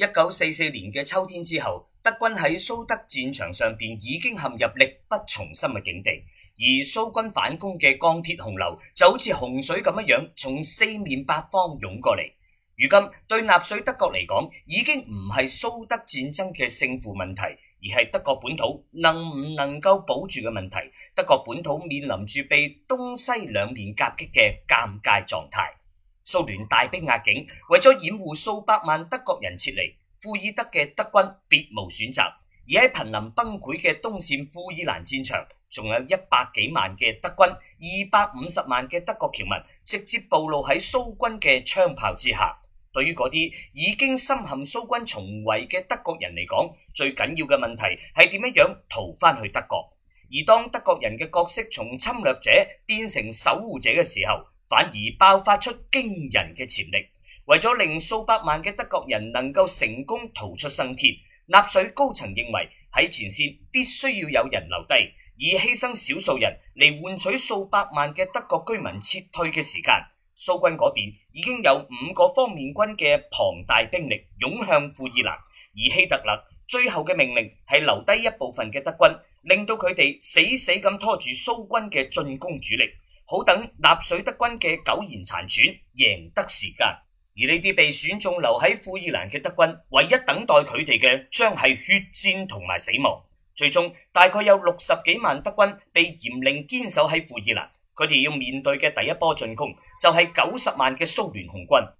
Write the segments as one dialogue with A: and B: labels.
A: 一九四四年嘅秋天之後，德軍喺蘇德戰場上邊已經陷入力不從心嘅境地，而蘇軍反攻嘅鋼鐵洪流就好似洪水咁一樣，從四面八方湧過嚟。如今對納粹德國嚟講，已經唔係蘇德戰爭嘅勝負問題，而係德國本土能唔能夠保住嘅問題。德國本土面臨住被東西兩面夾擊嘅尷尬狀態。蘇聯大兵壓境，為咗掩護數百萬德國人撤離，庫爾德嘅德軍別無選擇。而喺瀕臨崩潰嘅東線庫爾蘭戰場，仲有一百幾萬嘅德軍，二百五十萬嘅德國僑民，直接暴露喺蘇軍嘅槍炮之下。對於嗰啲已經深陷蘇軍重圍嘅德國人嚟講，最緊要嘅問題係點樣樣逃翻去德國。而當德國人嘅角色從侵略者變成守護者嘅時候，反而爆發出驚人嘅潛力，為咗令數百萬嘅德國人能夠成功逃出生天，納粹高層認為喺前線必須要有人留低，以犧牲少數人嚟換取數百萬嘅德國居民撤退嘅時間。蘇軍嗰邊已經有五個方面軍嘅龐大兵力湧向庫爾蘭，而希特勒最後嘅命令係留低一部分嘅德軍，令到佢哋死死咁拖住蘇軍嘅進攻主力。好等納粹德軍嘅苟延殘喘，贏得時間。而呢啲被選中留喺庫爾蘭嘅德軍，唯一等待佢哋嘅，將係血戰同埋死亡。最終，大概有六十幾萬德軍被嚴令堅守喺庫爾蘭，佢哋要面對嘅第一波進攻，就係九十萬嘅蘇聯紅軍。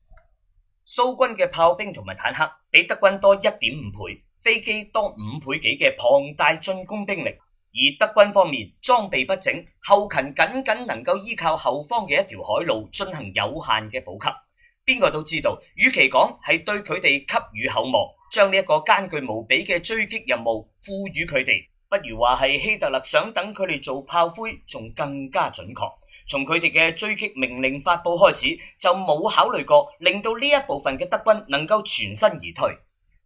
A: 蘇軍嘅炮兵同埋坦克，比德軍多一點五倍，飛機多五倍幾嘅龐大進攻兵力。而德軍方面裝備不整，後勤僅僅能夠依靠後方嘅一條海路進行有限嘅補給。邊個都知道，與其講係對佢哋給予厚望，將呢一個艱巨無比嘅追擊任務賦予佢哋，不如話係希特勒想等佢哋做炮灰，仲更加準確。從佢哋嘅追擊命令發布開始，就冇考慮過令到呢一部分嘅德軍能夠全身而退。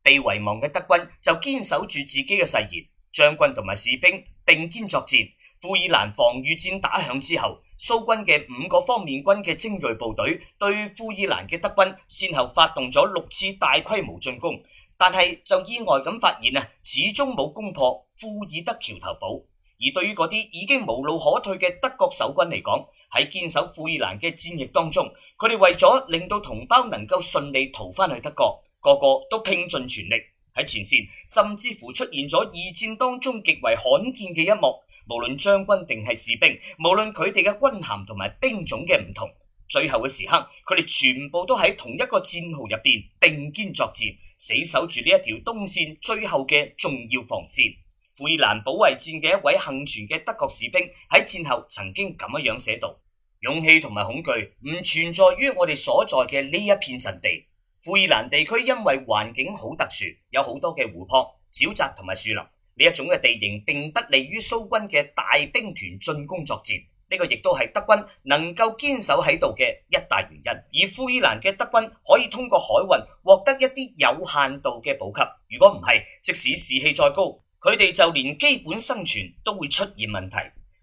A: 被遺忘嘅德軍就堅守住自己嘅誓言，將軍同埋士兵。並肩作戰，庫爾蘭防禦戰打響之後，蘇軍嘅五個方面軍嘅精銳部隊對庫爾蘭嘅德軍先後發動咗六次大規模進攻，但係就意外咁發現啊，始終冇攻破庫爾德橋頭堡。而對於嗰啲已經無路可退嘅德國守軍嚟講，喺堅守庫爾蘭嘅戰役當中，佢哋為咗令到同胞能夠順利逃翻去德國，個個都拼盡全力。喺前線，甚至乎出現咗二戰當中極為罕見嘅一幕。無論將軍定係士兵，無論佢哋嘅軍銜同埋兵種嘅唔同，最後嘅時刻，佢哋全部都喺同一個戰壕入邊並肩作戰，死守住呢一條東線最後嘅重要防線。庫爾蘭保衛戰嘅一位倖存嘅德國士兵喺戰後曾經咁樣寫道：勇氣同埋恐懼唔存在於我哋所在嘅呢一片陣地。庫爾蘭地區因為環境好特殊，有好多嘅湖泊、沼澤同埋樹林呢一種嘅地形，並不利於蘇軍嘅大兵團進攻作戰。呢個亦都係德軍能夠堅守喺度嘅一大原因。而庫爾蘭嘅德軍可以通過海運獲得一啲有限度嘅補給。如果唔係，即使士氣再高，佢哋就連基本生存都會出現問題。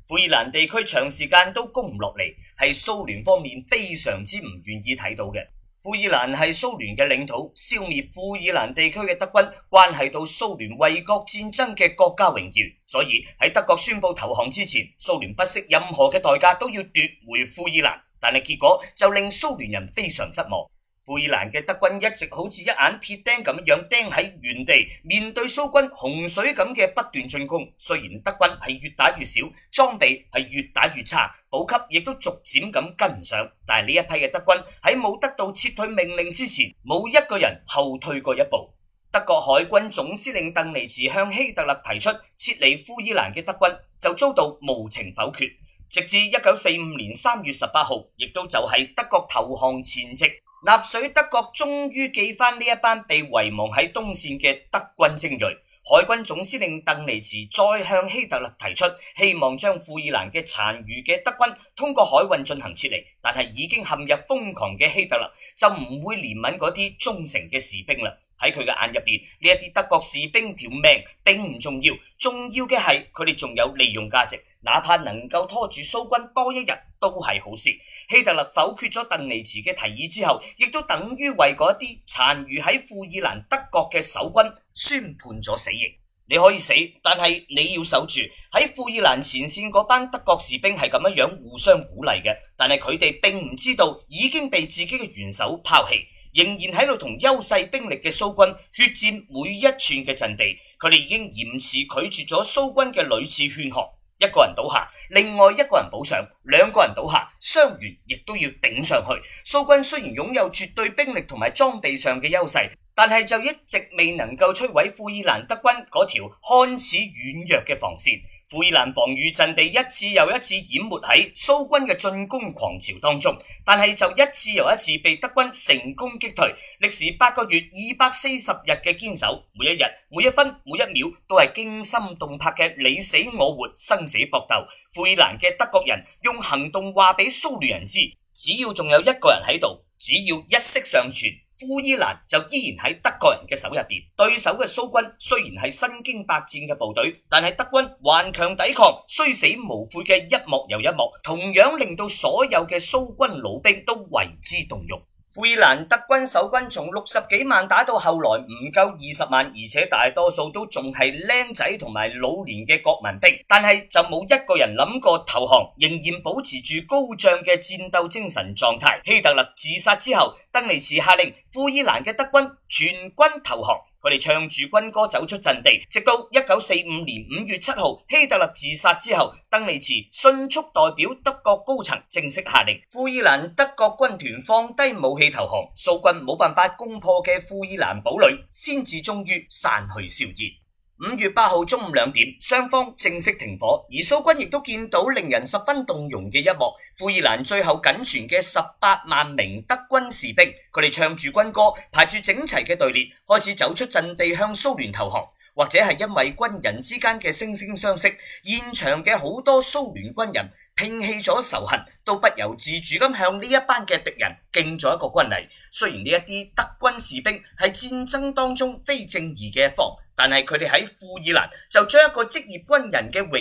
A: 庫爾蘭地區長時間都攻唔落嚟，係蘇聯方面非常之唔願意睇到嘅。庫爾蘭係蘇聯嘅領土，消滅庫爾蘭地區嘅德軍，關係到蘇聯衛國戰爭嘅國家榮譽，所以喺德國宣布投降之前，蘇聯不惜任何嘅代價都要奪回庫爾蘭。但係結果就令蘇聯人非常失望。庫爾蘭嘅德軍一直好似一眼鐵釘咁樣釘喺原地，面對蘇軍洪水咁嘅不斷進攻。雖然德軍係越打越少，裝備係越打越差，補給亦都逐漸咁跟唔上，但係呢一批嘅德軍喺冇得到撤退命令之前，冇一個人後退過一步。德國海軍總司令鄧尼茨向希特勒提出撤離庫爾蘭嘅德軍，就遭到無情否決，直至一九四五年三月十八號，亦都就係德國投降前夕。納粹德國終於記翻呢一班被遺忘喺東線嘅德軍精銳，海軍總司令鄧尼茨再向希特勒提出，希望將庫爾蘭嘅殘餘嘅德軍通過海運進行撤離，但係已經陷入瘋狂嘅希特勒就唔會憐憫嗰啲忠誠嘅士兵啦。喺佢嘅眼入邊，呢一啲德國士兵條命並唔重要，重要嘅係佢哋仲有利用價值，哪怕能夠拖住蘇軍多一日都係好事。希特勒否決咗鄧尼茨嘅提議之後，亦都等於為嗰一啲殘餘喺庫爾蘭德國嘅守軍宣判咗死刑。你可以死，但係你要守住。喺庫爾蘭前線嗰班德國士兵係咁一樣互相鼓勵嘅，但係佢哋並唔知道已經被自己嘅元首拋棄。仍然喺度同優勢兵力嘅蘇軍血戰每一寸嘅陣地，佢哋已經嚴詞拒絕咗蘇軍嘅屢次勸降。一個人倒下，另外一個人補上；兩個人倒下，傷員亦都要頂上去。蘇軍雖然擁有絕對兵力同埋裝備上嘅優勢，但係就一直未能夠摧毀庫爾蘭德軍嗰條看似軟弱嘅防線。庫爾蘭防御陣地一次又一次淹沒喺蘇軍嘅進攻狂潮當中，但係就一次又一次被德軍成功擊退。歷時八個月二百四十日嘅堅守，每一日每一分每一秒都係驚心動魄嘅你死我活生死搏鬥。庫爾蘭嘅德國人用行動話俾蘇聯人知，只要仲有一個人喺度，只要一息尚存。庫爾蘭就依然喺德國人嘅手入邊，對手嘅蘇軍雖然係身經百戰嘅部隊，但係德軍頑強抵抗，雖死無悔嘅一幕又一幕，同樣令到所有嘅蘇軍老兵都為之動容。庫爾蘭德軍守軍從六十幾萬打到後來唔夠二十萬，而且大多數都仲係靚仔同埋老年嘅國民兵，但係就冇一個人諗過投降，仍然保持住高漲嘅戰鬥精神狀態。希特勒自殺之後，登尼茨下令庫爾蘭嘅德軍全軍投降。佢哋唱住軍歌走出陣地，直到一九四五年五月七號，希特勒自殺之後，鄧尼茨迅，迅速代表德國高層正式下令，庫爾蘭德國軍團放低武器投降，蘇軍冇辦法攻破嘅庫爾蘭堡壘，先至終於散去硝煙。五月八號中午兩點，雙方正式停火。而蘇軍亦都見到令人十分動容嘅一幕。庫爾蘭最後僅存嘅十八萬名德軍士兵，佢哋唱住軍歌，排住整齊嘅隊列，開始走出陣地向蘇聯投降。或者係因為軍人之間嘅惺惺相惜，現場嘅好多蘇聯軍人摒棄咗仇恨，都不由自主咁向呢一班嘅敵人敬咗一個軍禮。雖然呢一啲德軍士兵係戰爭當中非正義嘅一方。但係佢哋喺庫爾蘭就將一個職業軍人嘅榮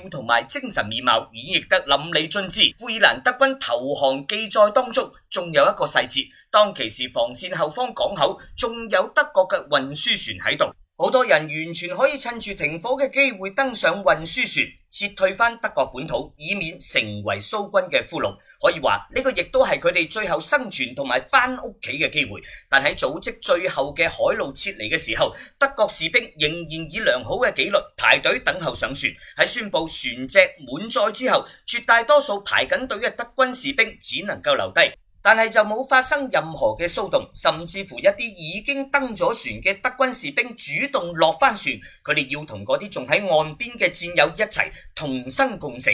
A: 耀同埋精神面貌演繹得淋漓盡致。庫爾蘭德軍投降記載當中，仲有一個細節，當其時防綫後方港口仲有德國嘅運輸船喺度。好多人完全可以趁住停火嘅機會登上運輸船撤退翻德國本土，以免成為蘇軍嘅俘虜。可以話呢個亦都係佢哋最後生存同埋翻屋企嘅機會。但喺組織最後嘅海路撤離嘅時候，德國士兵仍然以良好嘅紀律排隊等候上船。喺宣布船隻滿載之後，絕大多數排緊隊嘅德軍士兵只能夠留低。.但係就冇發生任何嘅騷動，甚至乎一啲已經登咗船嘅德軍士兵主動落翻船，佢哋要同嗰啲仲喺岸邊嘅戰友一齊同生共死。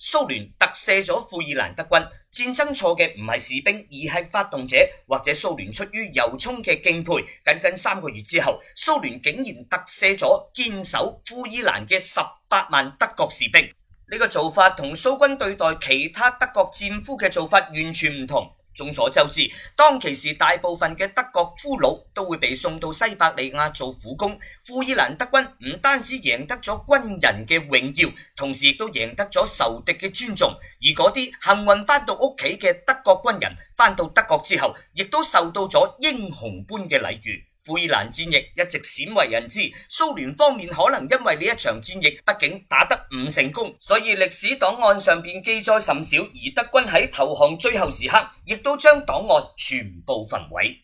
A: 蘇聯特赦咗庫爾蘭德軍，戰爭錯嘅唔係士兵，而係發動者或者蘇聯出於由衷嘅敬佩。僅僅三個月之後，蘇聯竟然特赦咗堅守庫爾蘭嘅十八萬德國士兵，呢個做法同蘇軍對待其他德國戰俘嘅做法完全唔同。眾所周知，當其時大部分嘅德國俘虜都會被送到西伯利亞做苦工。庫爾蘭德軍唔單止贏得咗軍人嘅榮耀，同時亦都贏得咗仇敵嘅尊重。而嗰啲幸運翻到屋企嘅德國軍人，翻到德國之後，亦都受到咗英雄般嘅禮遇。庫爾蘭戰役一直鮮為人知，蘇聯方面可能因為呢一場戰役畢竟打得唔成功，所以歷史檔案上邊記載甚少，而德軍喺投降最後時刻，亦都將檔案全部焚毀。